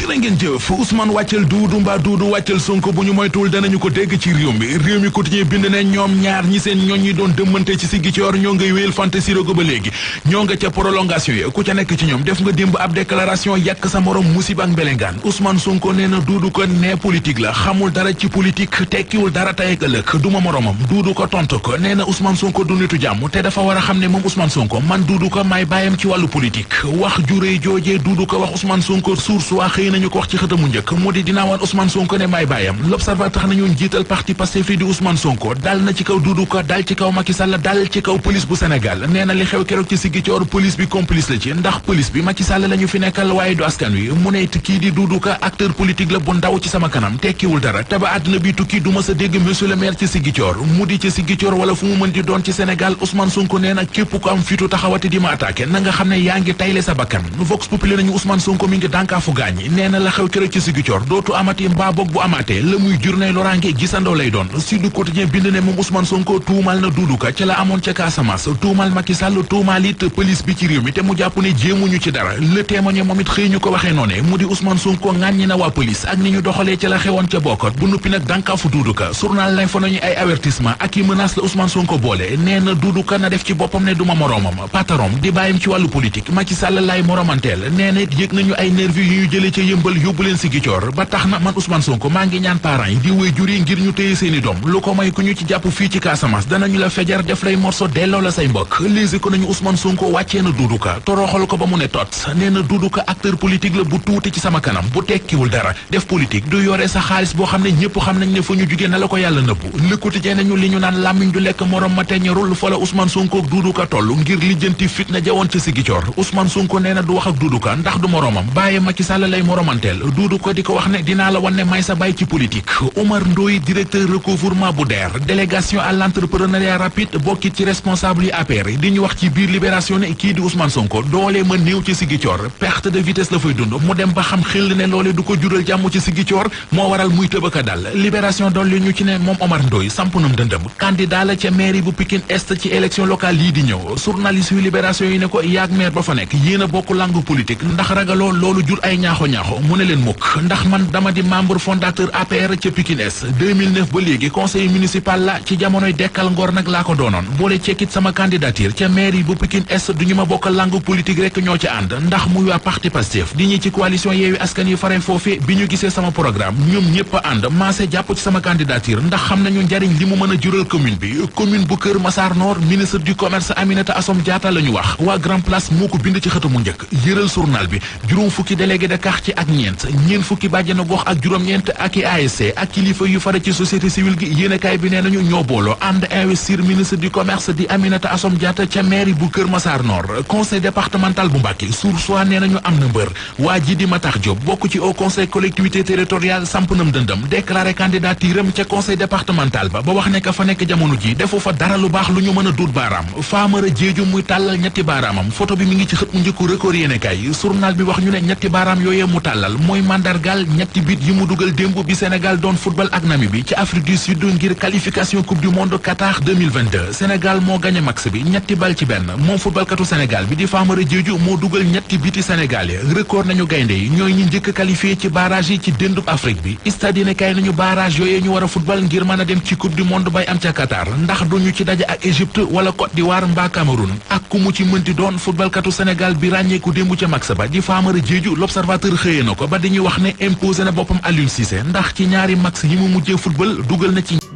jërë ngeen jëf Ousmane wàccal Duudu mbaa Duudu wàccal Sonko bu ñu moytuwul danañu ko dégg ci réew mi réew mi quotidien bind ne ñoom ñaar ñi seen ñooñ ñi doon dëmmante ci siggi coor ñoo ngay wéyal fanta sirogo ba léegi ñoo nga ca prolongation yi ku ca nekk ci ñoom def nga démb ab déclaration yàq sa morom musiba ak mbelengaan Ousmane Sonko nee na Duudu ko nee politique la xamul dara ci politique tekkiwul dara tey ak ëllëg du ma moromam Duudu ko tontu ko nee na Ousmane Sonko du nitu jàmm te dafa war a xam ne moom Ousmane Sonko man Duudu ko may bàyyam ci wàllu politique wax juree joojee Duudu ko wax Ousmane Sonko source waa xëy na nañu ko njëkk mu di dinaa waan Ousmane Sonko ne maay bàyyam l'observateur tax nañu jiital parti Pastef fi di Ousmane Sonko dal na ci Ka dal ci kaw Macky Sall dal ci kaw police bu Sénégal nee li xew keroog ci siggi coor police ndax police bi Macky Sall la ñu fi nekkal waaye du askan wi mu ne kii di Doudou Ka acteur politique la bu ndaw ci sama kanam tekkiwul dara te ba àddina bi tukki du ma sa dégg monsieur le maire ci siggi mu di ci siggi coor wala fu mu mën di doon ci Sénégal Ousmane Sonko nee na képp ku am fitu taxawati di ma attaqué na nga xam ne yaa ngi tayle sa bakkan Vox Populi nañu Ousmane Sonko mi ngi dànkaafu gaañ nee na la xew kërëg ci Ziguinchor dootu amati mbaa boog bu amaatee la muy jur nay loraange gisandoo lay doon Sud Quotidien bind ne moom Ousmane Sonko tuumal na Doudou ca la amoon ca Casamance tuumal Macky Sall it police bi ci réew mi te mu jàpp ne jéemuñu ci dara le témoigné moom it xëy ñu ko waxee noone mu di Ousmane Sonko ŋàññi na waa police ak ni ñu doxalee ca la xewoon ca bokkot bu nuppi nag dànkaafu Doudou Ka journal fa nañu ay ak i menace la Ousmane Sonko boole nee na Doudou Ka def ci boppam ne duma moroomam patarom di bàyyam ci wàllu politique Macky Sall laay moromanteel na it yëg yëmbal yóbbu leen si gicoor ba tax na man Ousmane Sonko maa ngi ñaan parents yi di wéy jur ngir ñu téye seeni doom lu ko may ku ñu ci jàpp fii ci Casamance danañu la fejar def lay morso delloo la say mbokk léegi ko nañu Ousmane Sonko wàccee na Doudou toroxal ko ba mu ne tot nee na Doudou acteur politique la bu tuuti ci sama kanam bu tekkiwul dara def politique du yore sa xaalis boo xam ne ñëpp xam ne fa ñu jugee na la ko yàlla nëbbu Le Quotidien nañu Koromantel duudu ko di ko wax ne dinaa la wan may sa bay ci politique Omar Ndoye directeur recouvrement bu DER délégation à l'entrepreneuriat rapide bokkit ci responsable yi APR di ñu wax ci biir libération ne kii di Ousmane Sonko doolee ma néew ci Ziguinchor perte de vitesse la fay dund mu dem ba xam xel ne loolee du ko jural jàmm ci Ziguinchor moo waral muy tëb a dal libération dolli ñu ci ne moom Omar Ndoye samp nam dëndëm la ca mairie bu a bokk mu ne leen mukk ndax man dama di membre fondateur APR ci Pikines 2009 ba léegi conseil municipal la ci jamono dekkal ngor nak la ko bolé ci kit sama candidature ci mairie bu Pikines Est du ñu ma bokk langue politique rek ñoo ci and ndax muy wa parti passif di ñi ci coalition yewi askan yi faré fofé bi ñu sama programme ñom ñepp anda, ànd maase ci sama candidature ndax xam nañu njariñ limu mëna jural commune bi commune bu Kër Massar Nord ministre du commerce Aminata Assom Diatta lenyuah, wax wa Grand Place moko bind ci xëtu mu ñëk yëral journal bi juroom fukki délégué de quartier ak ñeent ñeen fukki bàjjana gox ak juróom-ñeent ak i ASC ak kilifa yu fare ci société civile gi yéenekaay bi nee nañu ñoo booloo ànd investir ministre du commerce di Aminata Assome Diatta mairie bu Kër Massar conseil départemental bu Mbacké sur soi nee nañu am na mbër waa ji di Matar Diop bokk ci au conseil collectivité territoriale samp nam dëndam déclaré candidaturam ca conseil départemental ba ba wax ne fa nekk jamono ji defu fa dara lu talal moy mandargal ñetti bit yi mu duggal dembu bi Sénégal don football ak Namibie ci Afrique du Sud ngir qualification coupe du monde Qatar 2022 Sénégal mo gagné max bi ñetti bal ci mo football katu Sénégal bi di Famara Diédhiou mo duggal ñetti biti Sénégal yi ya. record nañu gaynde yi ñi jëk qualifier ci barrage yi ci déndub Afrique bi stade ne kay nañu barrage yoyé ñu wara football ngir mëna dem ci coupe du monde bay am ci Qatar ndax duñu ci daje ak Égypte wala Côte d'Ivoire mba Cameroun ak ku mu ci mënti football katu Sénégal bi ku dembu ci max ba di Famara Diédhiou l'observateur xey téye na ko ba dañuy wax ne imposé na boppam Aliou Cissé ndax ci ñaari max yi mu mujjee football dugal na ci